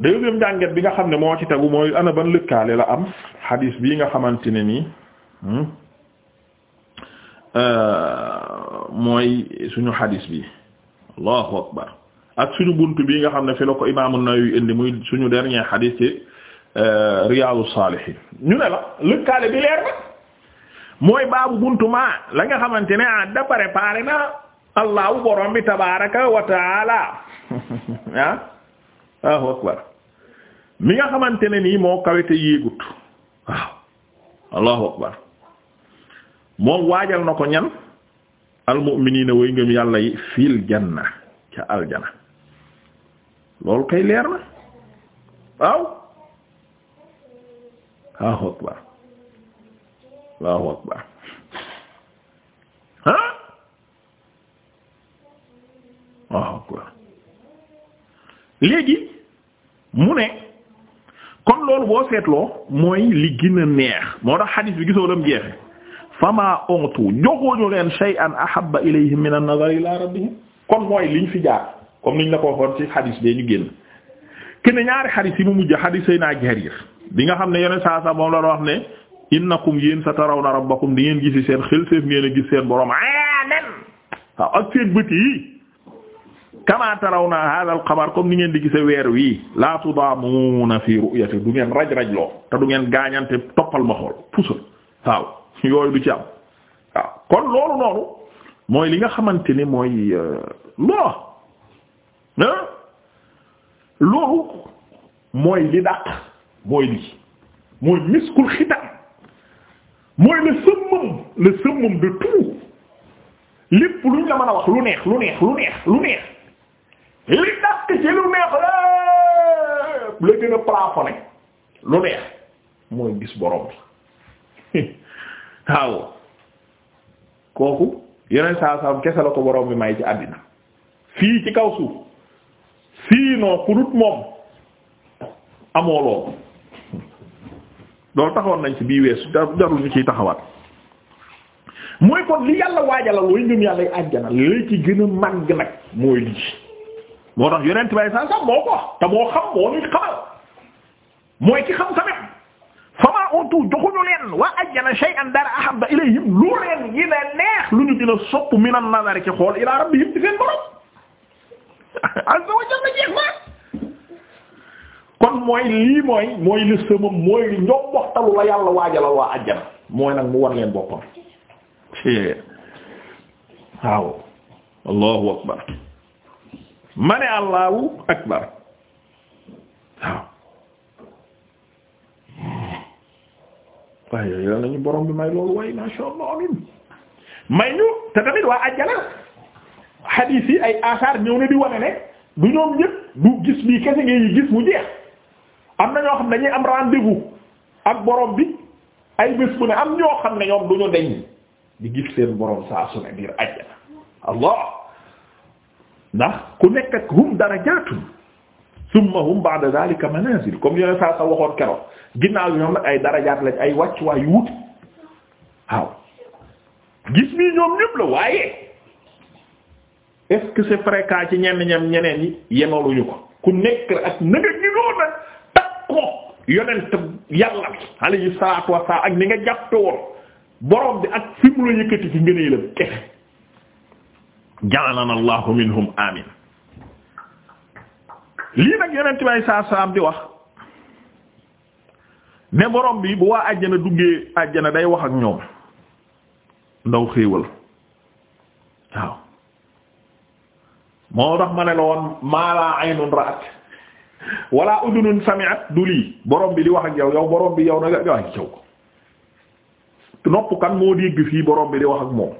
deuxième njànget bi nga xam ne moo ci tegu mooy ana ban lëkkaale la am xadiis bii nga xamante ne nii hmm, euh, mooy suñu xadiis bi allahu akbar ak suñu bunt bi nga xam ne fi la ko imaamu Nawawi indi muy suñu dernier xadiis ci euh, Riyadou Salihine ñu ne la lëkkaale bi leer na mooy baabu bunt ma la nga xamante ne ah da préparé na allahu borom bi tabaaraka wa taala ah. Allahu akbar mi nga xamante ne nii moo kawete yéegut waaw Allahu akbar moom waajal na ko ñan almu'miniina way ngëm yàlla yi fil janna ca aljana loolu kay leer na waaw Allahu akbar Allahu akbar léegi mu ne kon loolu boo seetloo mooy li gën a neex moo tax xadiis bi gisoo lam jeexe fama ontu joxooñu leen shay'an ahabba ilayhim min an-nazar ila rabbihim kon mooy liñ fi jaar comme niñ la ko waxoon ci xadiis bee ñu génn kenn ñaari xadiis yi mu mujj xadiis Seydina Jarir bi nga xam ne yeneen saa saa moom la wax ne innakum yéen satarawna rabbakum di ngeen gisi seen xel seef ngeen a gis seen borom anen waaw ak seen bët yi kama tarawna hadha al qamar comme ni ngeen di gise weer wi la tudamuna fi ru'yati du ngeen raj raj loo te du ngeen gaañante toppal ma xool waaw yooyu du ci am kon loolu noonu mooy li nga xamante ni mooy euh, loolu mooy li dàq mooy lii mooy miskul xitam mooy le summum le summum de tout lépp luñ la mën a wax lu neex lu neex lu neex lu neex li dakk ci lu neex la gën a plafonné lu neex mooy gis borom bi waaw kooku yeneen saa saa kese la ko borom bi may ci àddina fii ci kaw suuf fii noo ku moom amoo loolu loolu taxawoon nañ ci bii weesu jarul ñu ciy taxawaat mooy kon li yàlla waajala looy ngëm yàlla yi àjjana li ci gën a màgg nag mooy lii moo tax yonent bay saa saa moo ko te moo xam moo ñu xamal mooy ki xam tamit fama utu joxuñu leen waa ajjana shay'an dara ahabba ilayhim lu leen gën a neex lu ñu gën a sopp minan nazar ci xool ila rabbihim ci seen borom azza wa jalla jeex na kon mooy lii mooy mooy li sama mooy ñoom waxtalu la yàlla waajala waa ajjana mooy nag mu war leen boppam waaw allahu akbar ma ne allahu akbar waaw waaye yooyu nañu borom bi may loolu waaye ma sha Allah amin may ñu te tamit waa ajjana xadiis yi ay asaar ñëw na di wane ne du ñoom ñëpp du gis lii kese ngeen gis mu jeex am na ñoo xam ne dañuy am rendez bi ay bés bu ne xam ne ñoom du ñu deñ di gis seen borom saa su ne biir ajjana allah ndax ku nekk ak hum darajatun summa hum ba'da dhalika manazil comme yone saa sa waxoon keroog ginnaaw yi ñoom ay darajaat lañ ay wàcc waay yu wut waaw gis nii ñoom ñépp la waaye est-ce que ci ñenn ñam ñeneen yi yemaluñu ko ku nekk ak na nga ginoon nag tag ko yonent yàlla bi alayhi salatu wassalam ak ni nga jàppe woon borom bi ak fi mu la yëkkati ci ngëneelam kefe ja'alana allahu minhum amin lii nag yonent bi saa salaam di wax ne borom bi bu waa àjjana duggee àjjana day wax ak ñoom ndaw xéewal waaw moo tax ma ne la woon maa laa aynun ra'at wala udunun sami'at du lii borom bi di wax ak yow yow borom bi yow na nga yow ak yow nopp kan moo dégg fii borom bi di wax ak moom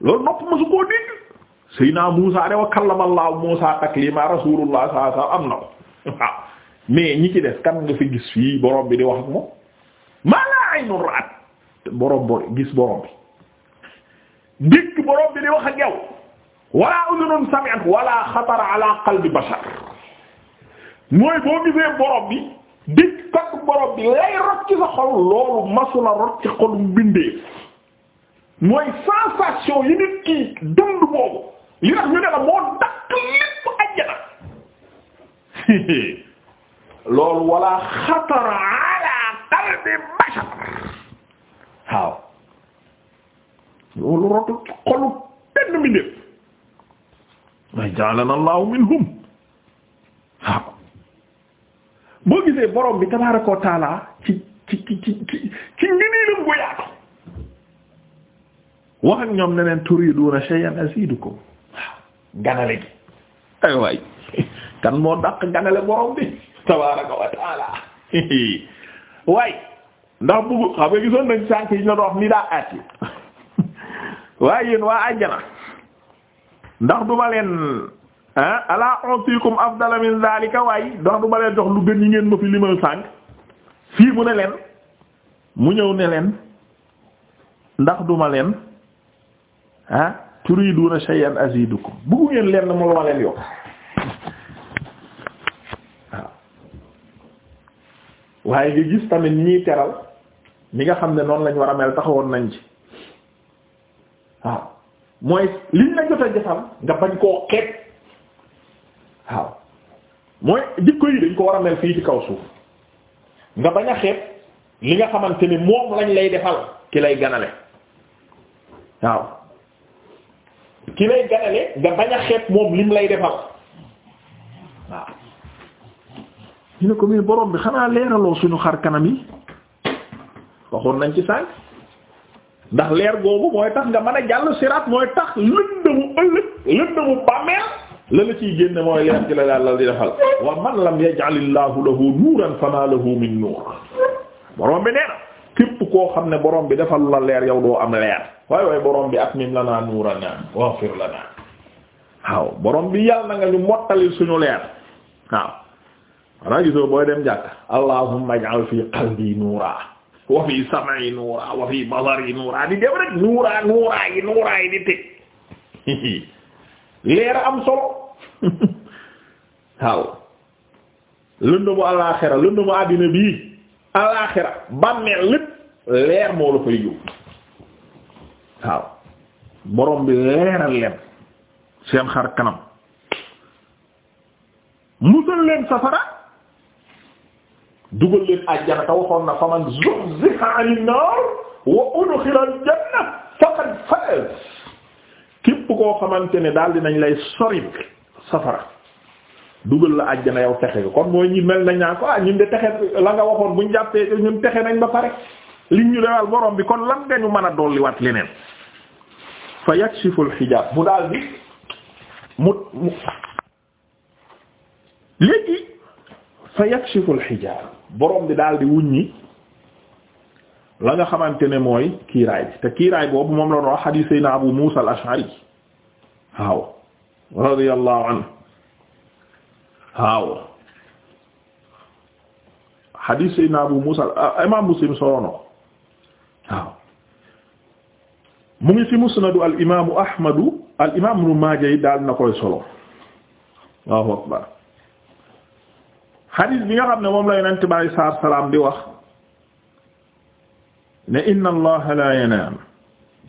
loolu nopp ma su koo dégg Seydina Muusa ne wa kallamallahu Muusa taklima rasulullah sallallahu alayhi am na mais ñi ci des kan nga fi gis fii borom bi di wax ak moom maa laa aynun ra'at borom bo gis borom bi dégg di wax ak yow wala udunun sami'at wala xatara ala qalbi bashar mooy boo gisee borom bi dégg kat lay rot sa xol loolu masula rot ci xolum mooy sensation yi nit ki dund li tax ñu ne moo dakk lépp ajjana loolu wala xatara ala qalbi bashar waaw loolu rotu xolu benn mi ndépp ja'alana allahu minhum waaw boo gisee borom bi tabaaraka wa taala ci ci ci ci ci ngi nii lëm gu wax ak ñoom neneen turiduna shay'an azidukum ganale gi ay waay kan moo dàq ganale borom bi tabaraka wa taala waay ndax bugg xam nga gisoon nañ sànk yi ñu doon ni daa aat yi waaye yéen waa àjjana ndax duma leen ah ala utikum afdala waaye ndax duma leen jox lu gën yi ngeen ma fi limal sànk fii mu ne leen mu ñëw ne leen ndax duma leen ah turiduna shay'an azidukum bëggu ngeen lenn mu ma leen yokk waaw waaye nga gis ñi ñuy teral ñi nga xam ne noonu lañ war a mel taxawoon nañ ci waaw mooy liñ la jot a jëfal nga koo xeet fii ci kaw suuf li nga xamante ni moom lañ lay defal ki lay ganale waaw ki lay ganale nga bañ a xeet moom lim lay defal waaw ñu ne ko muy borom bi xanaa leeraloo suñu xar kanam yi waxoon nañ ci sànq ndax leer googu mooy tax nga mën a jàll siraat mooy tax lëndëmu ëllëg lëndëmu bàmmeel la la ciy génne mooy leer ci la yàlla di defal wa man lam yaj'alillahu lahu nuuran fama lahu min nuur borom bi nee képp koo xam ne borom bi defal la leer yow doo am leer waay waay borom bi atmim lanaa nuuranaa waghfir lanaa waaw borom bi yàlla na nga ñu mottali suñu leer waaw xanaa gisoo booy dem jàkk allahumma ij'al fi qalbi nuura wa fi sam'i nuura wa fi basari nuura di dem rek nuura nuura yi nuura yi di teg leer am solo waaw lëndëmu alaaxira lëndëmu àddina bii alaaxira bàmmeel lépp leer moo la fay yóbbu waaw borom bi leeral leen seen xar kanam musal leen safara dugal leen àjjana te waxoon na faman zuhziha 'anil nar wa udkhila al janna faqad faz képp koo xamante ne daal dinañ lay sori safara dugal la àjjana yow texe kon mooy ñi mel nañ naa ko ah ñun de texe la nga waxoon bu buñ jàppee ñun texe nañ ba pare li ñu defal borom bi kon lan nga ñu mën a dolliwaat leneen fa yakshifu alxijaab mu daal di mu mu léegi fa yakshifu alxijaab borom bi daal di wuññi la nga xamante ne mooy kiiraay bi te kiiraay boobu moom la doon wax xadiis sayna Abu Muusa al-Ash'ari waaw radiyallahu anhu waaw xadiis sayna Abu Muusa imaam Muslim sorono mu ngi ci musnadu al imaamu ahmadu al imaam daal na koy solo Allahu akbar xadiis bi nga xam ne moom la yonent bi alayhi salaam di wax ne inna allaha la yanaam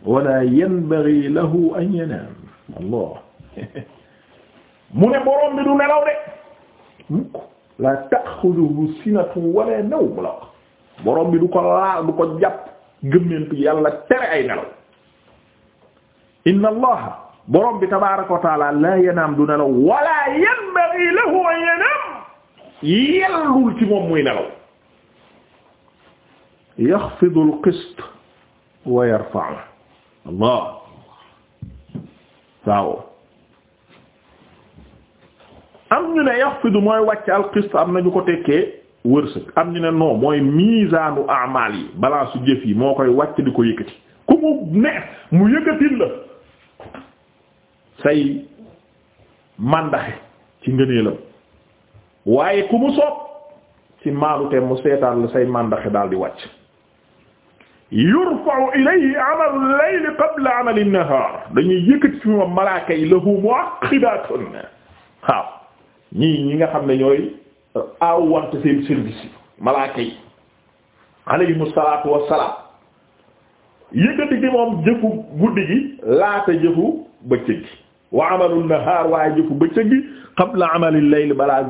wala yanbaghi lahu an yanaam mu ne boroom bi du nelaw de la ta'xuduhu sinatun wala nawm la boroom bi du ko laal du ko jàpp gëmmentu yàlla tere ay nelaw inna allah borom bi tabaaraka wa taala laa yanaam du nelaw wala yanbaghi lahu an yanaam yellul ci moom muy nelaw yaxfidu al qist wa waaw am ñu ne yaxfidu mooy wàcc al am na ñu ko tekkee wërsëg am ñu ne non mooy miisaanu amaal yi balance jëf yi moo koy wàcc di ko yëkkati ku mu ne mu yëkkatil la say màndaxe ci ngëneelam waaye ku mu soob ci maalute mu seetaan la say màndaxe daal di wàcc yurfa'u ilayhi amal layli qabla amali nahaar dañuy yëkkati ci moom malaaka yi lahu mu'aqibatun waaw ñii ñi nga xam ne ñooy euh, aaw wante seen service yi malaaka yi alayhimu salaatu wassalaam yëkkati ci moom jëfu guddi gi laata jëfu bëccëg gi wa amalu nahaar waaye jëfu bëccëg gi qabla amali layl balaa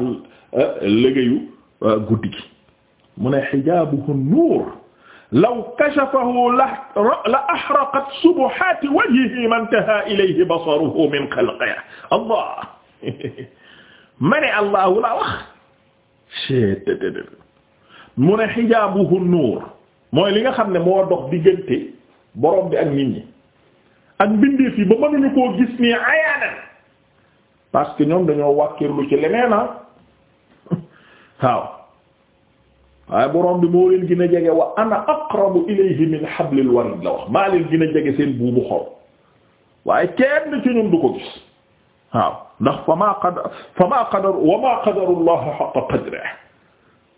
eh, liggéeyu eh, guddi gi mu ne xijaabuhu nuur law kashafahu la axraqat subuhaati wajhihi ma intaha ilayhi basaruhu min xalqihi allah ma ne allahu laa wax mu ne xijaabuhu nuur mooy li nga xam ne moo dox diggante borom bi ak nit ñi ak mbindeef yi ba mënuñu koo gis nii ayaanan parce que ñoom dañoo ci leneen ah. waaw waaye borom bi moo leen gën a jege wa ana aqrabu ilayhi min hablil warid la wax maa leen gën a jege seen buubu xol waaye kenn ci ñun du gis waaw ndax fa maa qadar fa maa qadar wa maa qadarullaha haqqa qadrihi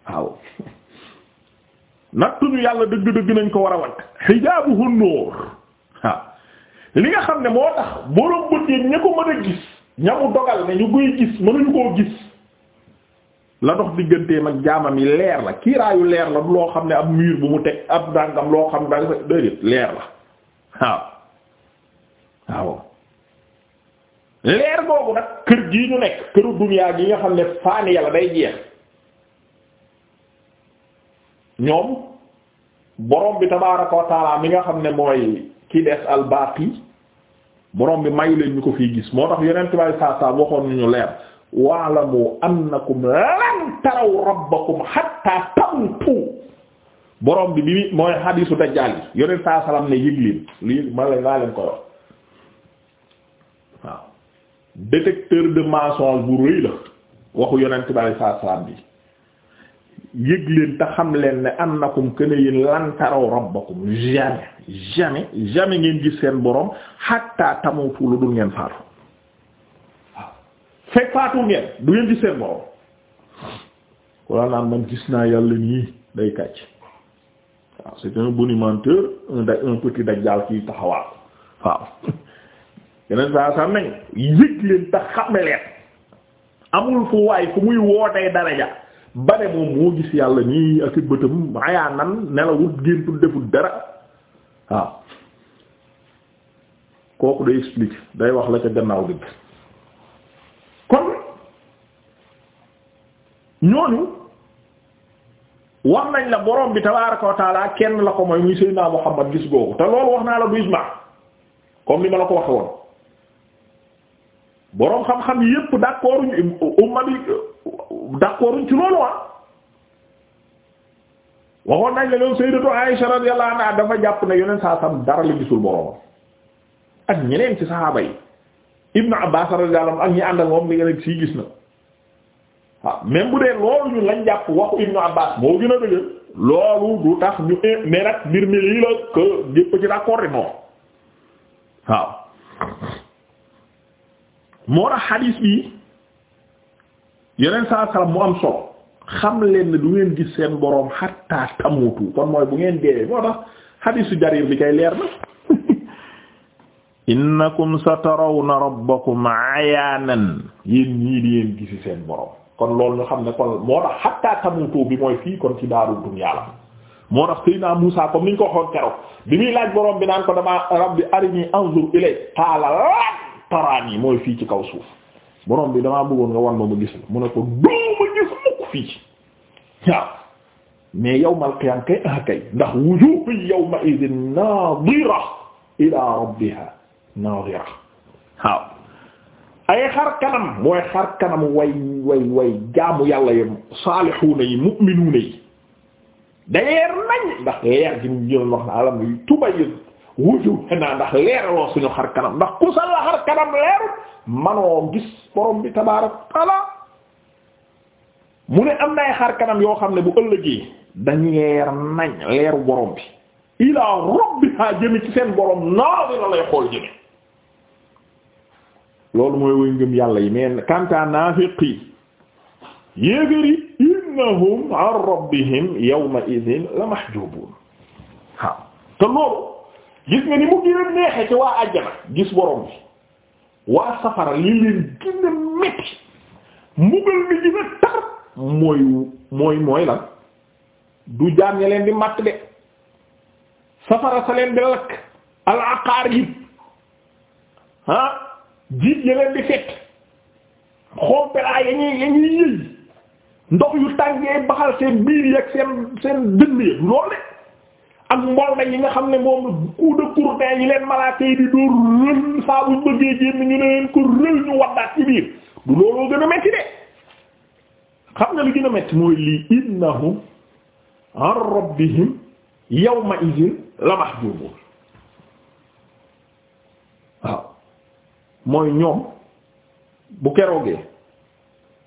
waaw nattuñu yàlla dëgg dëgg nañ ko war a wat hijaabuhu nuur waaw li nga xam ne moo tax borom bët yi ña ko mën a gis ña mu dogal ne ñu koy gis mënuñu koo gis la dox digganteem ak jaamam yi leer la kiiraayu leer la du loo xam ne ab mur bu mu teg ab dàngam loo xam danga déedéet leer la waaw waaw leer boobu nag kër gii ñu xam ne yàlla day jeex ñoom borom bi tabaaraka wa taala mi nga xam ne mooy ki des al baaqi borom bi mayu leen ñu ko fi gis moo tax yeneen tubaab saa saa waxoon nañu leer wa'lamu annakum lan taraw rabbakum hatta tamutu borom bi bi mooy hadisu dajjaal yi yeneen saa salaam ne yëg leen lii ma la laa leen ko wax waaw détecteur de mensonge bu rëy la waxu yeneen tubaab saa salaam bi yëg leen te xam leen ne annakum kana yéen lan rabbakum jamais jamais jamais ngeen gis seen borom hatta tamutu lu dul ngeen faatu fekk faatu ngeen du ngeen gis seen borom ku la naan man gis naa yàlla nii day kàcc waaw c'est un bonimenteur un da un petit dajjaal ci taxawaal waaw yeneen leen tax xam leen amul fu waay fu muy wootee daraja bare moom moo gis yàlla nii ak bëtam ayaa nan nelawut géntul deful dara waaw kooku day explique day wax la ca gannaaw dëgg kon ñooñu wax nañ la borom bi tabaaraka kenn la ko mooy muy Seydina Muhammad gis googu te loolu wax naa la du ijma comme ni ma la ko wax woon boroom xam-xam yépp d'accorduñ umma bi d'accorduñ ci loolu waa ah. waxoon nañ la loolu dafa jàpp na yoneen saa sam dara la gisul boroomam ak ñeneen ci saxaaba yi Ibnu Abbaas radiyallahu anhu ak ñi ànd ak moom li nga sii gis na waaw même bu dee loolu ñun lañ jàpp waxu Ibnu Abbaas moo gën a dëgër loolu du tax ñu eh, mais nag mbir mi la que jëpp ci d'accord rek noonu waaw moo tax xadiis bi yeneen saa salaam mu am solo xam leen ne du ngeen gis seen boroom hatta tamutu kon mooy bu ngeen deewee moo tax hadiisu jarir bi kay leer na innakum satarawna rabbakum ayaanan yéen ñii di ngeen gisi seen boroom kon loolu ñu xam ne kon moo tax hatta tamutu bi mooy fii kon ci daaru dunya la moo tax Seydina Muusaa comme niñ ko waxoon keroog bi muy laaj boroom bi naan ko damaa rabbi arini anzur ilay qaala laa taraani mooy fii ci kaw suuf boroom bi damaa bëggoon nga wan ma fii waaw mais yawmal qiyaam kay ah kay ndax wujuuhun yawma idin naadira ilaa rabbihaa naadira waaw ay xar kanam mooy xar kanam way way way jaamu yàlla yi saalihuuna yi mu'minuuna yi dayeer nañ ndax leer gi mu wax na alam tubayyin wujuuhanaa ndax leeraloo suñu xar kanam ndax ku sa la xar kanam leeru borom bi tabaaraka wa mu ne am na ay xar kanam yoo xam ne bu ëllëgee dañ leer nañ leeru borom bi ilaa rabbiha jëmi ci seen borom naadira lay xool jëmi loolu mooy woy ngëm yàlla yi mais kanta naafiqi yéegéri innahum an rabbihim yawma idin la mahjubun waaw te loolu gis nga ni mu gën neexe ci waa àjjana gis borom bi waa safara li leen gën a metti mbugal mi gën a tar mooy mooy mooy lan du jaam ña leen di matt de safara sa leen di lakk al aqarib ah jiit ya leen di fekk xompelaa ya ñuy yëy ndox yu tàngee baxal seen biir yi ak seen seen dënn yi loole ak mbol na yi nga xam ne moom coup de courtin yi leen malaaka yi di dóor rël saa buñ bëggee génn ne leen ko rël ñu waddaat ci biir du looloo gën a metti de xam nga li gën a mooy lii innahum an rabbihim yawma idin la mahjubun waaw mooy ñoom bu keroogee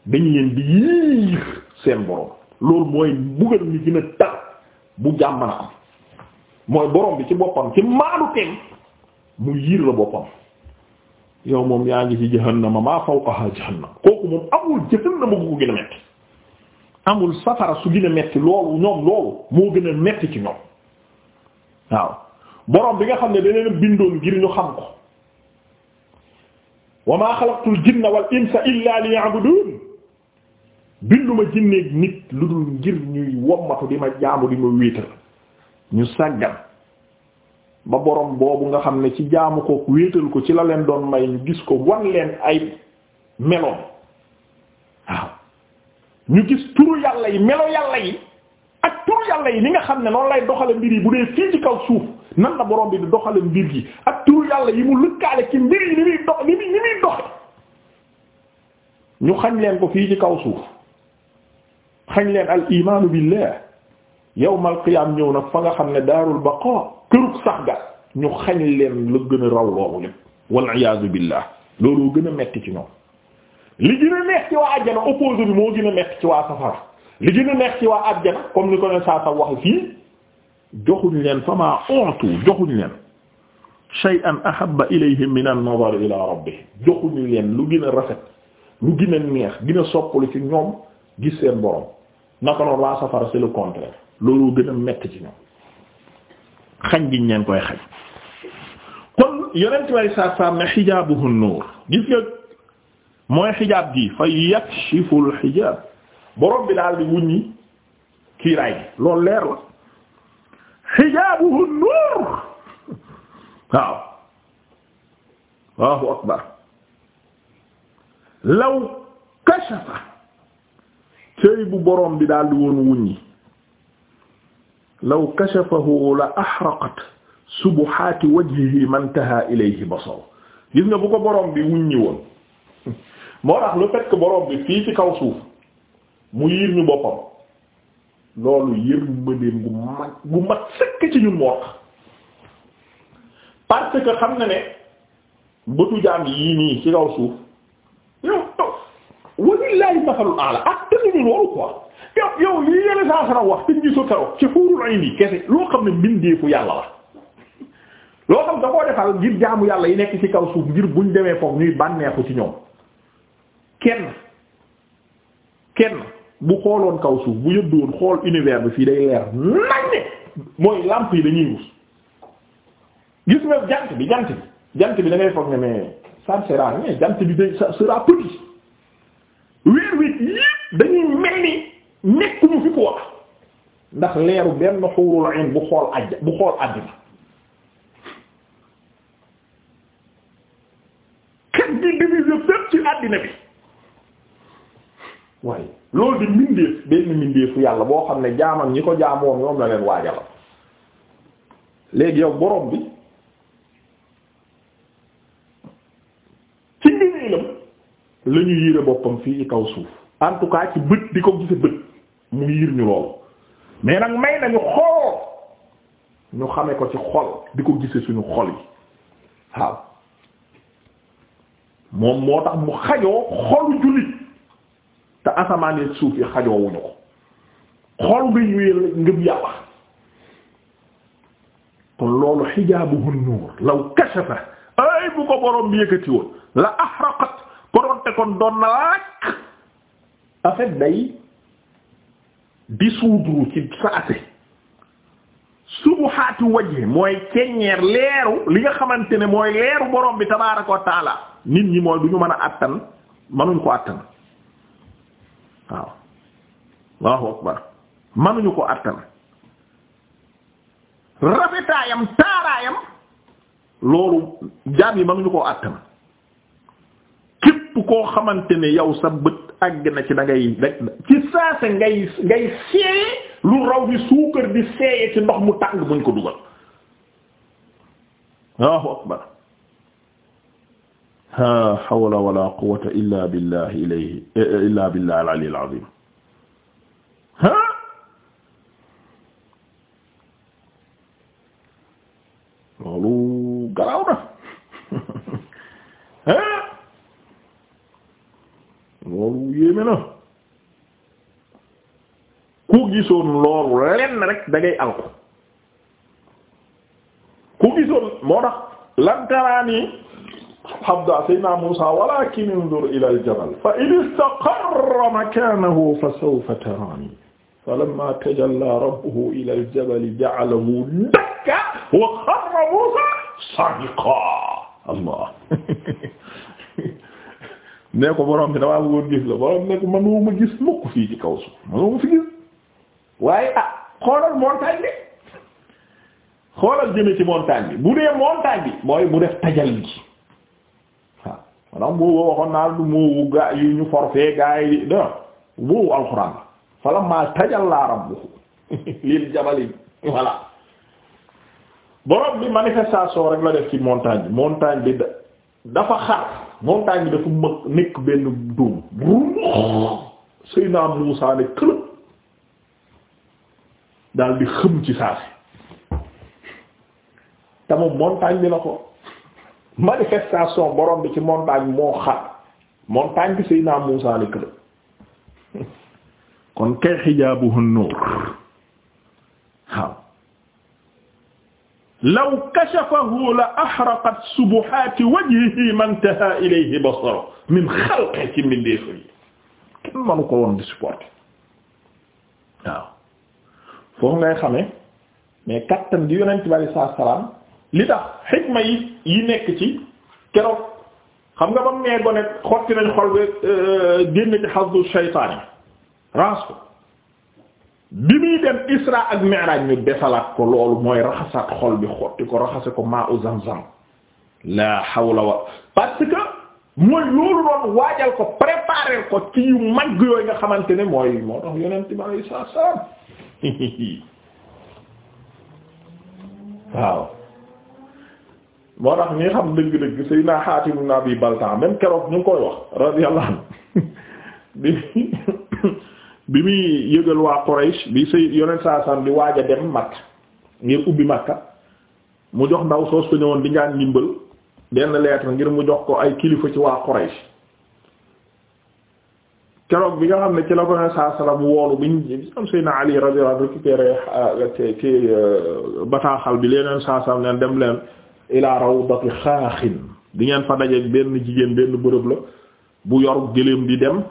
dañu leen di yiir seen borom loolu mooy mbugal mi gën a bu jàmm na am mooy borom bi ci boppam ci maanu teg mu yiir la boppam yow moom yaa ngi ci jahannama maa fawqaha jahannam kooku moom amul jahannama bu ko gën a amul safara su gën a metti loolu ñoom loolu moo gën a metti ci ñoom waaw boroom bi nga xam ne daneen bindoon ngir ñu xam ko wa maa xalaqtul jinna wal insa illa liya'budun binduma jinneeg nit lu dul ngir ñuy wommatu di ma jaamu di ma wéetal ñu sàggan ba borom boobu nga xam ne ci jaamu ko wéetal ko ci la leen doon may ñu gis ko wan leen ay meloom waaw ñu gis turu yàlla yi melo yàlla yi ak turu yàlla yi ni nga xam ne noonu lay doxale mbir yi bu dee fii ci kaw suuf nan la borom bi di doxale mbir yi ak turu yàlla yi mu lëkkaale ci mbir yi ni muy dox ni muy ni ñu xañ leen ko fii ci kaw suuf xañ leen al imaanu billah yawmal qiyaam ñëw nag fa nga xam ne daarul baqa kërug sax ga ñu xañ leen lu gën a raw loolu lépp wal iyaadu billah loolu gën a metti ci ñoom li gën a neex ci waa àjjana opposé bi moo gën a neex ci waa safara li gën a neex ci waa àjjana comme ni ko ne saa sa wax fii joxuñ leen fama ontu joxuñ leen shay'an ahabba ilayhim min an-nazar ila rabbih joxuñu leen lu gën a rafet lu gën a neex gën a soppali ci ñoom gis seen borom naka noonu waa safara c'est le contraire loolu gën a metti ci ñoom xañ giñ leen koy xañ kon yonent way ne xijaabuhu nuur gis nga mooy xijaab gi fa yakshiful xijaab borom bi daal di wuññi kiiraay gi loolu leer la xijaabuhu nuur waaw Allahu akbar law kashafa cëy bu borom bi daal di woon wuññi law kashafahu la axraqat subuhaati wajhihi mantaha ilayhi basar gis nga bu borom bi wuññi woon moo tax lu fekk boroom bi fii ci kaw suuf mu yiir ñu boppam loolu yërmandeem gu mag gu mag sëkk ci ñun moo tax parce que xam na ne bëtu jaam yii nii ci kaw suuf yow walillahi masalul yow lii yële saa sara wax te ñu gisul keroog ci xuurul ay nii kese loo xam ne mbindeefu yàlla la. loo xam da koo defal ngir jaamu yàlla yi nekk ci kaw suuf ngir buñ demee foofu ñuy bànneexu ci ñoom. kenn kenn bu xooloon kaw suuf bu yëddoon xool univers bi fii day leer nañ mooy làmp yi dañuy wus gis nga jant bi jant bi jant bi da foog ne mais ça ne sera jant bi day ça sera weer wi yépp dañuy mel ni nekkuñu fi ko ndax leeru benn xuurul ayn bu xool ajja bu xool àddina loolu di mbindeef benn mbindeefu yàlla boo xam ne jaamam ñi ko jaamoon ñoom la leen waajal léegi yow boroom bi ci ngëneelam la ñu boppam fii ci kaw suuf en tout ci bët di ko gise bët mu yiir ñu loolu mais nag may nañu xool ñu xame ko ci xol di ko gise suñu xol yi waaw moom moo tax mu xajoo xolu jullit te asamaan yi suuf yi xajoowuñu ko xol bi ñuy ngëm yàlla kon loolu xijaabuhu nuur law kashafa ay bu ko borom bi yëkkati woon la axraqat koronte kon doon na lakk en fait day dissoudre ci saase subuhaatu wajhi mooy ceññeer leeru li nga xamante ne mooy leeru borom bi tabaaraka wa nit ñi mooy du ñu mën a àttan mënuñ ko àttan waaw Allahu akbar manuñu ko àttan rafetaayam taaraayam loolu jaam yi manuñu koo àttan képp koo xamante ne yow sa bët àgg na ci da ngay rek ci saase ngay ngay seeye lu raw bi suukar di seeye ci ndox mu tàng buñ ko dugal Allahu akbar ha hawla wala quwwata illa billahi ilayhi illa billahi al-ali al-azim ha loolu garaaw na ha loolu yéeme na ku gisoon loolu lenn rek da ngay alko ku gisoon moo tax lantaraani habda sayyidina Muusaa walaakin unzur ila al-jabal fa in istaqarra makaanahu fa sawfa taraanii falammaa tajallaa rabbuhu ila al-jabali ja'alahu dakkan wa xarra Muusaa sa'iqan Allah ne ko borom bi damaa bëggoon gis la borom ne ko mënu ma gis mukk fii ci kaw suuf mënu ma fi gis waaye ah xoolal montagne bi xoolal jëme ci montagne bi bu dee montagne bi mooy mu def tajal gi maanaam boobu waxoon naa du moowu gaa yi ñu forfee gaa yi di boobu alxuraan falammaa tajallaa rabbuhu lil jabali voilà borom bi manifestation rek la def ci montagne bi montagne dafa xar montagne bi dafa mëg nekk benn dóom ruux Seydina Muusaa këlëb daal di xëm ci saa si te montagne bi la ko manifestation borom bi ci montagne montagne bi Seydina Muusaa la kër kon kay xijaabuhu nuur waaw law kashafahu la axraqat subuhaati wajhihi mantaha ilayhi basaro min xalqi ci mbindeefa yi kenn manu ko woon di supporter waaw foofu ngay xamee mais kattan di yonent bi sallallahu li tax xikma yi yi nekk ci keroog xam nga ba mu gone xotti nañ xol be euh, génn ci xasdu shaytaan yi raas ko bi muy dem isra ak mi'raj ñu desalaat ko loolu mooy raxasaat xol bi xotti ko raxase ko maa'u zamzam la hawla wa parce que mooy loolu doon waajal ko préparer ko ci yu mag yooyu nga xamante ne mooy moo tax yonent bi alayhi salaam waaw moo tax ñi xam dëgg-dëgg Seydina Xaatim ibn Abi Baltaa même keroog ñu ngi koy wax radiyallahu anhu bi bi muy yëgal waa Quraysh bi Seyd yonent saa di waaj a dem Makka ngir ubbi Makka mu jox ndaw soos fa ñëwoon di ñaan ndimbal benn lettre ngir mu jox ko ay kilifa ci waa Quraysh keroog bi nga xam ne ci la ko ne saa woolu bi ñu am Seydina Ali radiyallahu anhu récupéré euh, euh, bataaxal bi leneen saa saam leen dem leen ila rawdati xaaxin di ngeen fa daje benn jigéen benn bërëb la bu yor gëléem di dem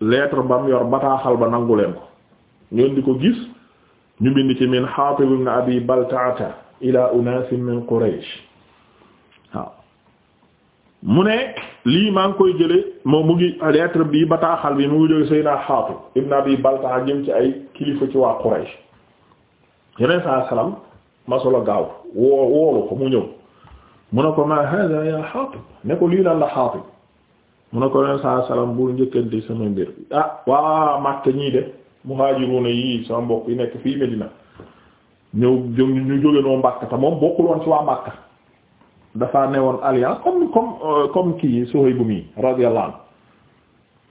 lettre bam yor bataaxal ba nangu leen ko ñoon di ko gis ñu bind ci min Hatib ibn Abi Baltaata ila unaasin waaw mu ne lii maa ngi koy jële moom mu ngi lettre bii bataaxal bi mu ngi jóge Seydina Hatib ibn Abi Baltaa jëm ci ay kilifa ci waa Quraysh yeneen saa salaam masula gaaw woo woolu ko mu ñëw mu ne ko ma hada ya Xaatib ne ko lii lan la Xaatib mu ne ko leen saa salaam bu njëkkante sama mbir ah waa Makka ñii de muhaajiruuna yi sama mbokk yi nekk fii Medina ñu jóge noo Makka te bokkul woon ci waa Makka dafaa newoon alliance comme comme euh, comme kii Suhayb bu mi radiyallahu anhu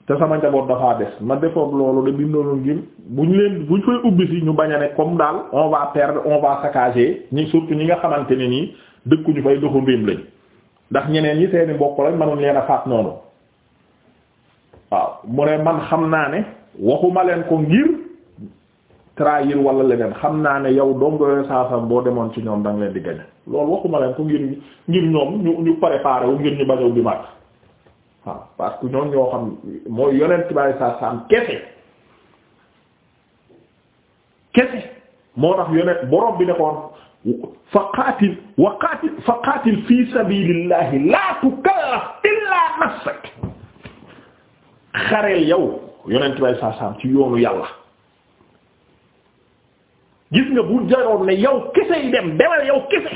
te sama njaboot dafaa des ma defoon loolu de bindoon ngir bu ñu leen bu ñu fay ubbi si ñu bañ a ne comme daal on va perdre on va saccager ñi surtout ñi nga xamante ne nii dëkkuñu fay doxu mbéem lañ ndax ñeneen ñi seeni mbokk lañ mënuñ leen a faat noonu waaw mu ne man xam naa ne waxuma leen ko ngir trahir wala leneen xam naa ne yow dongoyoo saasam boo demoon ci ñoom danga leen di gañe loolu waxuma leen ko ngir ngir ñoom ñu ñu préparé wu ngir waaw parce que ñoom ñoo xam mooy yonent bi alei satu salaam kese kese moo tax yonent borom bi nekkoon fa qaatil fa qaatil fi sabilillahi la tukallaf illa nafsak xareel yow yonent bi alei ci yoonu yàlla gis nga bu jaroon ne yow kese yi dem demal yow kese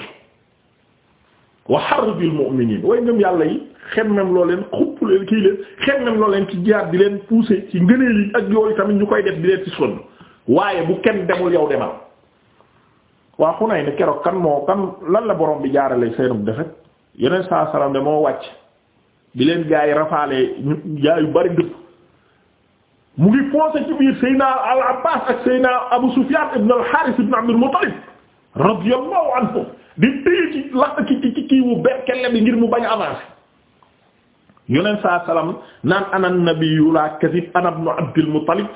wa harbil mu'minin way ngëm yàlla yi xemmem loo leen kii leen xet nam loolu leen ci jaar di leen pousser ci ngëneel yi ak yooyu tamit ñu koy def di leen ci sonn waaye bu kenn demul yow demal waa xunay ne keroog kan moo kan lan la borom bi jaarale seenub defet yeneen saa salaam de moo wàcc bi leen gaa yi rafaalee ñu gaa yu bari dëpp mu ngi foncé ci biir Seyna Al Abbas ak Seyna Abu Sufyan ibn al Harith ibn Muttalib radiyallahu anhu di téye ci lakk ci kii wu berkelle bi ngir mu bañ a avancer yonent saa salaam naan ana nabiyyu la kadhib ana ibnu Abdil Muttalib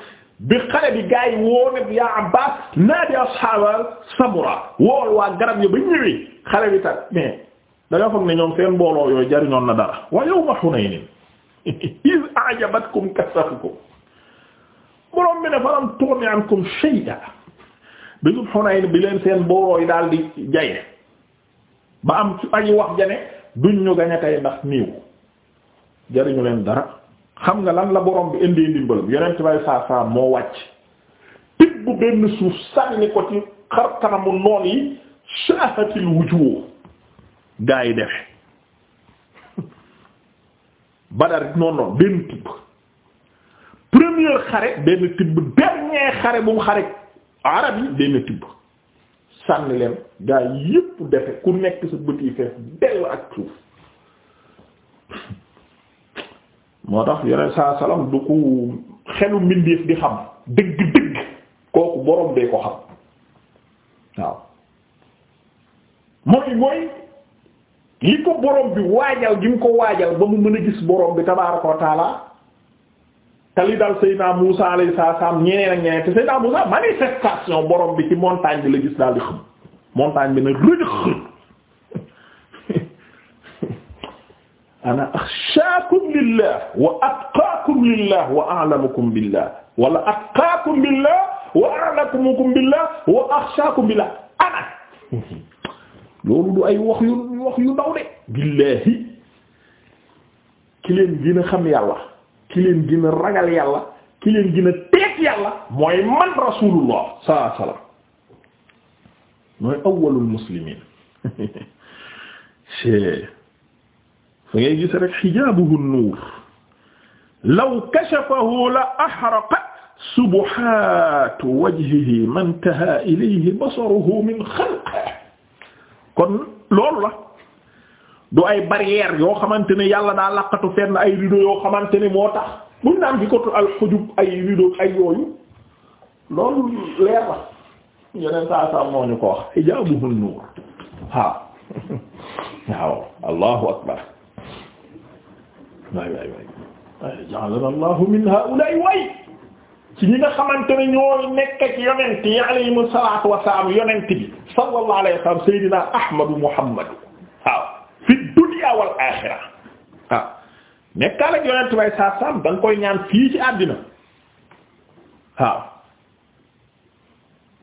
bi xare bi gars yi woo ne yaa Abbaas naadi ashaaba Samura wool waa garab yi ba ñëwee xare bi tat mais da nga foog ne ñoom seen mbooloo yooyu jariñoon na dara wa yawma Hunaynin iz a'jabatkum kasratukum borom bi ne falam tughni ankum shay'a bisub Hunayn bi leen seen mbooloo yi daal di jaye ba am ci aji wax jane duñ ñu gañ a tey ndax niiw jariñu leen dara xam nga lan la borom bi indee ndimbalam yonent bay saa saa moo wàcc tibb benn suuf sànni ko ci xar kanamu noon yi shaahatil wujuh gaa yi defe Badar noonu noonu benn tibb premier xare benn tibb dernier xare bu mu xare arab yi benn tibb sànni leen gaa yi yépp defe ku nekk sa bët yi fees dell ak suuf moo tax yeneen saa salaam du ko xelu mbindeef di xam dëgg-dëgg kooku borom bee ko xam waaw mooy mooy li ko borom bi waajal gi mu ko waajal ba mu mën a gis boroom bi tabaaraka wa taala te li dal Seydina Muusa alayhi salaam ñeneen ak ñeneen te Seydina Muusa manifestation borom bi ci montagne bi la gis daal di xam montagne bi nag rëjëx ana axshaakum lillah wa atqaakum lillah wa a'lamukum billah wala atqaakum billah wa a'lamukum billah wa axshaakum billah ana loolu du ay wax yu wax yu ndaw de billahi ki leen gën a xam yàlla ki leen gën a ragal yàlla ki leen gën a teet yàlla mooy man rasulullah sallallahu alayhi wasallam mooy awwalul muslimin da ngay gis rek xijaabuhu nuur law kashafahu la axraqat subuhaatu wajhihi mantaha ilayhi basaruhu min xalqihi kon loolu la du ay barrière yoo xamante ne yàlla daa laqatu fenn ay rideau yoo xamante ne moo tax buñ naan bi kotu alxujub ay rideau ay yooyu loolu leer la yeneen saa saa moo ñu ko wax xijaabuhu nuur waaw waaw allahu akbar waay waay waay waay ja'alana allahu min ha'ula'i waay ci ñi nga xamante ne ñoo nekk ci yonent yi alayhimu salaatu wa salaam yonent bi sallallahu alayhi wa sallam sayyidina ahmadu muhammad waaw fi dunya wal axira waaw nekkaal ak yonent bay saa saam da nga koy ñaan fii ci àddina waaw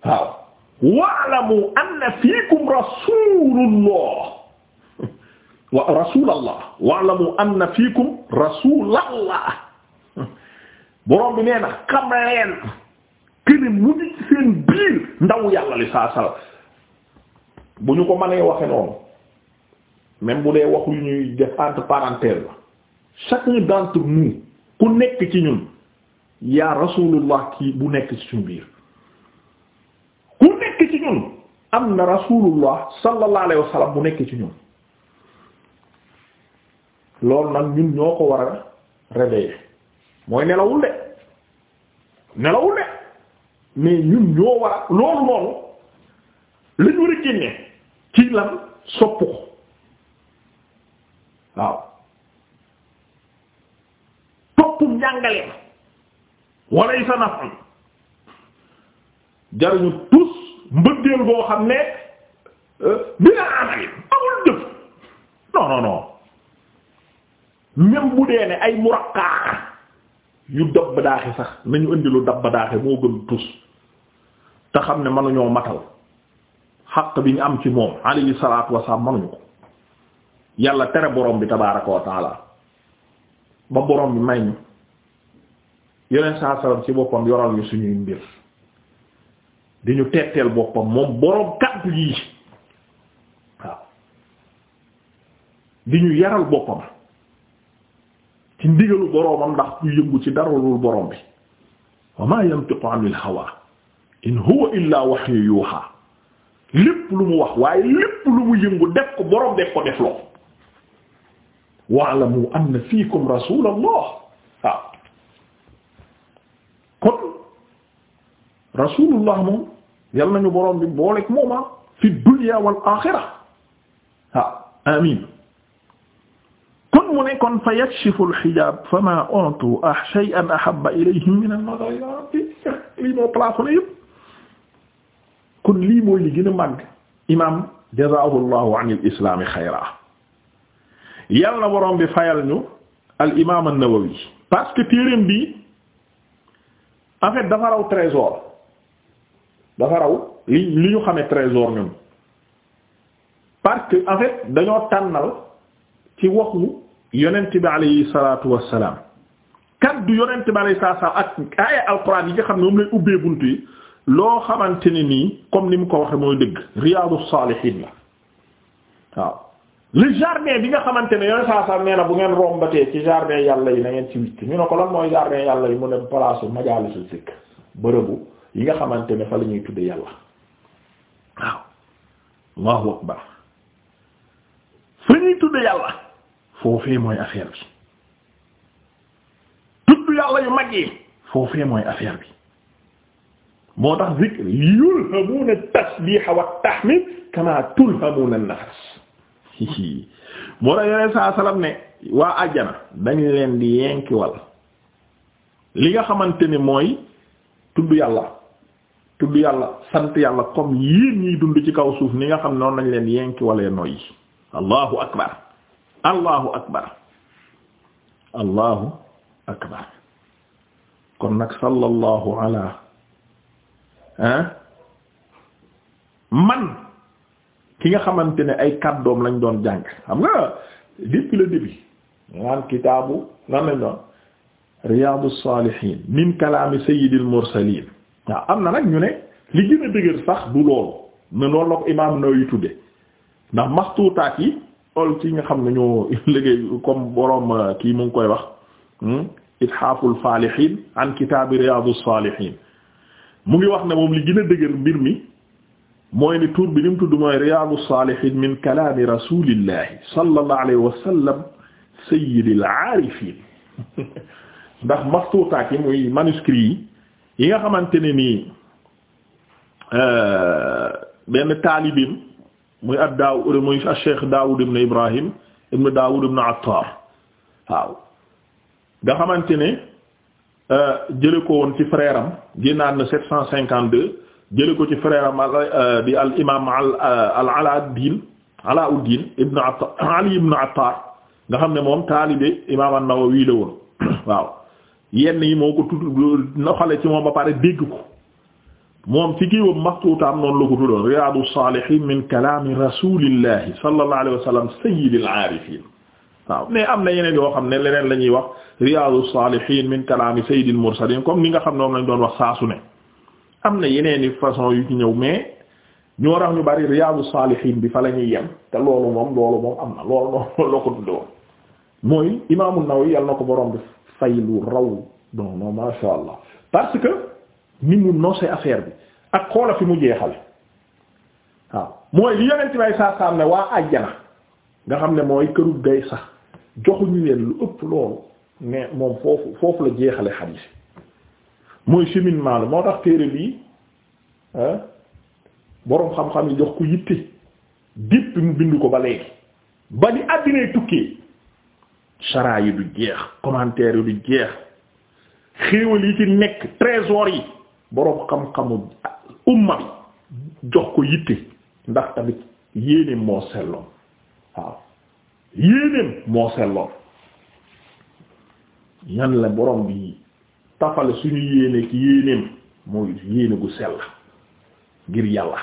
waaw wa'lamu anna fiikum rasulullah wa rasulallah mu anna fiikum rasulallah borom bi nee na xam leen këni mu ngi ci seen biir ndaw yàlla li saa sala bu ñu ko mënee waxe noonu même bu dee waxu yu ñuy def entre parenthèses la chacun d'entre nous ku nekk ci ñun yaa rasulullah kii bu nekk ci suñu biir ku nekk ci ñun am na rasulullah sallallahu alayhi bu nekk ci ñun loolu nag ñun ñoo ko war a réveiller mooy nelawul de nelawul de mais ñun ñoo war a loolu noonu lañ war a génne ci lan soppu ko waaw toppum njàngaleem wala yi sa nafam jariñu tus mbëggeel boo xam ne euh, bi nga amali amul jëf non même bu dee ne ay muraqaa yu dab daaxi sax nañu indi lu dab moo gën tus te xam ne mënuñoo matal xaq bi ñu am ci moom alayhi salaatu wasalaam mënuñu ko yàlla tere borom bi tabaaraka wa ba borom bi may ñu yeneen saa salaam ci boppam yoral ñu suñuy mbir di ñu tetteel boppam moom borom kàddu yi waaw di ñu yaral boppam. ci ndigalu boroomam ndax ku yëngu ci dara lu boroom bi wa ma yantiqu anil in huwa illa wahyu yuha lépp lu mu wax waaye lépp lu mu yëngu def ko boroom ko def loo wa'lamu anna fiikum rasulallah waaw kon rasulullah moom yal nañu boroom bi booleeg mooma ah fi dunya wal axira waaw kon mu ne kon fa yakshifu al-hijab fama utu ah shay'an ahabba ilayhim min an-nazar ila rabbi lii moo plafonné yëpp kon lii mooy li gën imam jazaahu llahu islam xayra yal na boroom bi al imam an-Nawawi parce que téereem dafa raw trésor li li ñu trésor ñun dañoo tànnal ci waxu yonent bi alayhi salaatu wassalaam du yonent bi alayhi salaatu wassalaam ak aaya alquran yi nga xam ne moom lay ubbee bunt yi loo xamante ni nii comme ni mu ko waxe mooy dëgg Riyadou Salihine la waaw le jardin bi nga xamante ne yonent saa saa nee bu ngeen rombatee ci jardin yàlla yi na ngeen ci witt ñu ne ko la mooy jardin yàlla yi mu ne palaasu majaalisul zikr bërëbu yi nga xamante ne fa la ñuy tudde yàlla waaw Allahu akbar fa ñuy tudd yàlla foofee mooy affaire bi tudd yàlla yu mag yi foofee mooy affaire bi moo tax zikr yulhamuuna tasbiha wa tahmid kama tulhamuuna nafas moo tax yoneen saa salam ne waa àjjana dañ leen di yenki li nga xamante ni mooy tudd yàlla tudd yàlla sant yàlla comme yéen ñiy dund ci kaw suuf ni nga xam ne noonu lañ leen yenki walee noyyi allahu akbar allahu akbar allahu akbar kon nag sallallahu ala hein man ki nga xamante ne ay kàddoom lañ doon jàng xam nga depuis le début naan kitaabu naan lañ doon Riyadus Salihin min kalaami sayyidil mursalin waaw am na nag ñu ne li gën a dëgër sax du loolu ne loolu la ko imaam Nawawi tudde ndax maxtuutaat yi loolu ci nga xam ne ñoo liggéey comme borom euh, kii mu ngi koy wax hmm? ithaaful faalihiin an kitaabi riyaadus saalihiin mu ngi wax ne moom li gën a dëgër mbir mi mooy ni tur bi ni mu tudd mooy riyaadus saalihiin min kalaami rasuulillahi sallallahu alayhi wa sallam sayyidil aarifiin ndax maxtuutaat yi muy manuscrits yi nga xamante ne nii euh, benn taalibim muy ad daaw euh, muy Cheikh Daawud ibn Ibrahim ibn Daawud ibn Attar waaw nga xamante ne euh, jële ko woon ci frère am génnaat na sept cent cinquante deux jële ko ci frère am euh, di al imam al Alauddin Alauddin ibn Attar Ali ibn Attar nga xam ne moom taalibe imaam an-Nawawi la woon waaw yenn yi moo ko tudd noxale ci moom ba pare dégg ko moom ci kiiwam maxtuutaam noonu la ko tuddoon riyaadu saalihiin min kalaami rasuulillahi sallallahu alayhi wa sallam sayyidil aarifiin waaw mais am na yeneen yoo xam ne leneen la ñuy wax riyaadu saalihiin min kalaami sayyidil mursaliin comme ni nga xam ne moom lañ doon wax saasu am na yeneen i façon yu ci ñëw mais ñoo tax ñu bari riyaadu saalihiin bi fa la ñuy yem te loolu moom loolu moom am na loolu moom loo ko tuddoon mooy imaamu Nawawi yal na ko borom bi fay raw non non Allah parce que. ni mu nose affaire bi ak xoola fi mu jeexal waaw mooy li yonent bay saa saam ne waa àjjana nga xam ne mooy këru gay sax joxuñu leen lu ëpp loolu ne moom foofu foofu la jeexale xadiis mooy cheminement la moo tax téere bii boroom xam-xam yi jox ko yitte dépp mu bind ko ba léegi ba ni àddinay tukkee chara yi du jeex commentaire yi du jeex xéewal yi ci nekk trésor yi boroom xam-xamu umma bi jox ko yitte ndax tamit yéenéem moo selloon waaw yéenéem moo selloon ñan la borom bi tafale suñu ki yéenéem mooy yéene gu sell ngir yàlla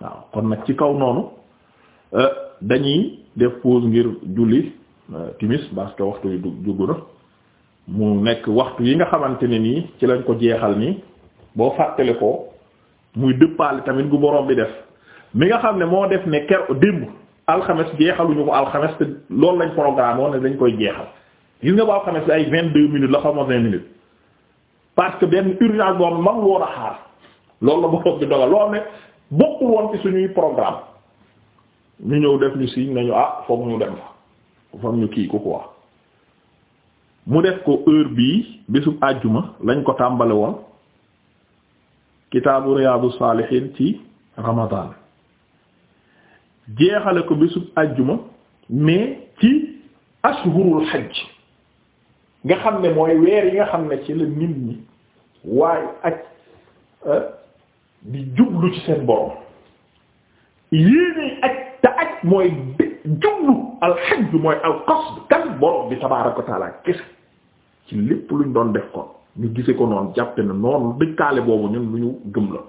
waaw kon nag ci kaw noonu euh, dañuy def pause ngir julli euh, timis parce que waxtu yu dugg na mu nekk waxtu yi nga xamante ne nii ci lañ ko jeexal nii boo fàttale ko muy dëppaale tamit gu borom bi def mi nga xam ne moo def ne ker démb alxames jeexaluñu ko alxames te loolu lañ programme woon ne dañ koy jeexal gis nga bu alxames bi ay vingt deux minutes la xaw ma vingt minutes parce que benn urgence boo xam mag a xaar loolu la borom bi dogal loolu ne bokkul woon ci suñuy programme ñu ñëw def ñu signe nañu ah foog ñu dem fa foog ñu kii ko quoi mu def ko heure bii bésub àjjuma lañ ko tàmbale woon kitaabu riyaadu saalihiin ci ramadan jeexale ko bésub àjjuma mais ci ashhurul hajj nga xam ne mooy weer yi nga xam ne ci la nit ñi waaye ak euh, di jublu ci seen borom yéene ak te ak mooy jublu alxajj mooy alqasd kan borom bi tabaaraka wa taala ci lépp luñ doon def ko ñu gise ko noonu jàppe na noonu dëkkaale boobu ñun lu ñu gëm la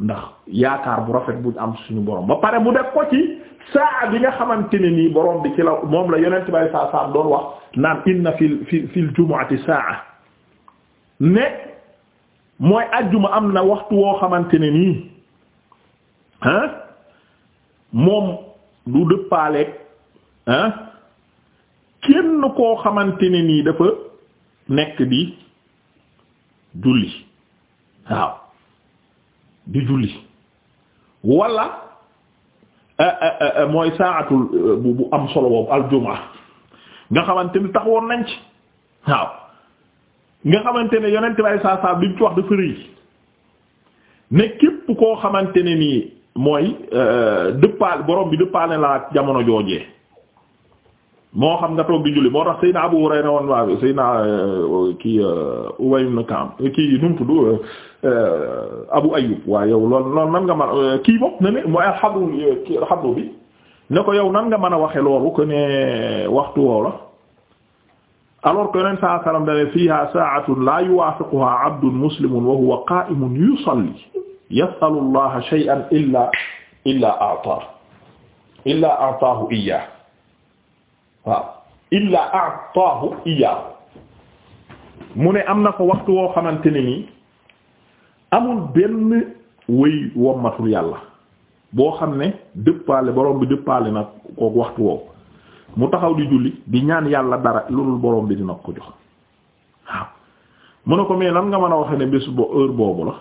ndax yaakaar bu rafet bu am suñu borom ba pare mu def ko ci saa bi nga xamante ne nii boroom bi ci la moom la yonent bay saa saa doon wax naan inna fil fil fii jumu'ati saa ne mooy ajjuma am na waxtu woo xamante ne nii ah moom du dëppaaleeg ah kenn koo xamante ne nii dafa nekk di julli waaw di julli walla eh, eh, eh, mooy saatul bu bu am solo boobu aljumaa nga xamante ni taxawoon nañ ci waaw nga xamante ne yonent bay saa saa bi ñu ci wax dafa rëy ne képp koo xamante ni nii mooy dëppaal borom bi dëppaale la ak jamono joojee moo xam nga toog di julli moo tax Seydina Abu Hurayra woon waa Seydina euh, kii euh, Ubay ibn Ka'b kii nu mu tudd euh, Abu Ayyub waaye yow lool loolu nan nga man kii bopp na ne mooy alxabru xabru bi ne ko yow nan nga mën a waxe loolu que ne waxtu woola alors que yoneen saa sallam dane fiha sa'atun la yuwafiquha abdun muslimun wa huwa qa'imun yusalli yas'alu allaha shay'an illa illa a'taahu illa a'taahu iyyah waaw illaa a'taahu iyaahu mu ne am na ko waxtu woo xamante ne nii amul benn wëy wommatul yàlla boo xam ne dëppaale borom bi dëppaale nag ko waxtu woowu mu taxaw di julli di ñaan yàlla dara loolu borom bi dina ko jox waaw mu ne ko mais lan nga mën a waxee ne bés bo heure boobu la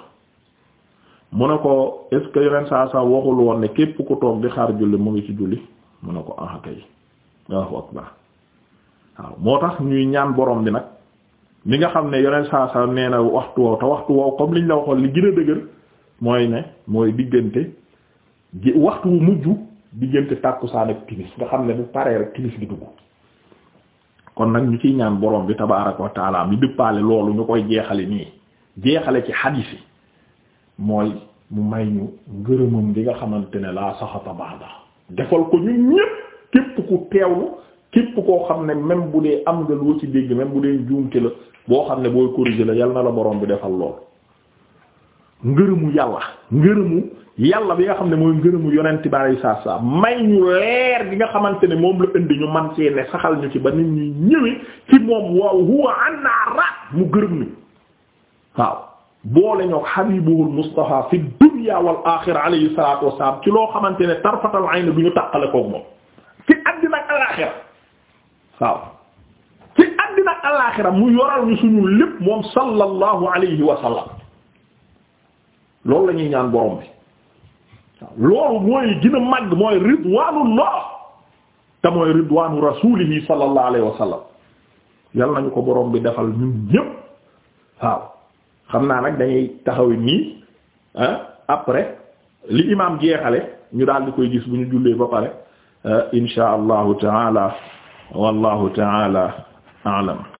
mu ne ko est ce que yeneen saa saa waxul woon ne képp ku toog di xaar julli mu ngi ci julli mu ne ko ah kay Allahu akbar waaw moo tax ñuy ñaan boroom bi nag mi nga xam ne yoneen saa saa nee na waxtu woow te waxtu woow comme liñ la waxoon li gën a dëgër mooy ne mooy diggante ji waxtu wu mujj diggante tàkkusaan ak timis nga xam ne bu paree rek timis bi dugg kon nag ñu ciy ñaan boroom bi tabaaraka wa taala mi dëppaale loolu ñu koy jeexale nii jeexale ci xadiis yi mooy mu may ñu ngërëmam li nga xamante ne laa saxata baax defal ko ñun ñépp képp ku teewlu képp koo xam ne même bu dee am nga loo ci dégg même bu dee njuumte la boo xam ne booy corriger la yal na la borom bi defal lool ngërëmu yàlla ngërëmu yàlla bi nga xam ne mooy ngërëmu yonent bari saa saa may ñu leer bi nga xamante ne moom la indi ñu man see ne saxal ñu ci ba nit ñuy ñëwee ci moom waaw huwa annaara mu gërëm ni waaw boole ñoo habibuhul Mustafa fi dunya wal aaxira alayhi salaatu ci loo xamante ne tarfatal bi ñu tàqale ci àddina alaaxira waaw ci àddina alaaxira mu yoral ñu suñu lépp moom sallallahu alayhi wa loolu la ñuy ñaan borom bi waaw loolu mooy gën a màgg mooy ridwaanullah te mooy ridwaanu rasuulihi sallallahu alayhi wa sallam yal nañu ko borom bi defal ñun ñépp waaw xam naa nag dañuy taxawi nii ah, après li imaam jeexale ñu daal di koy gis bu ñu jullee ba pare. insha allahu taala wallahu taala aalam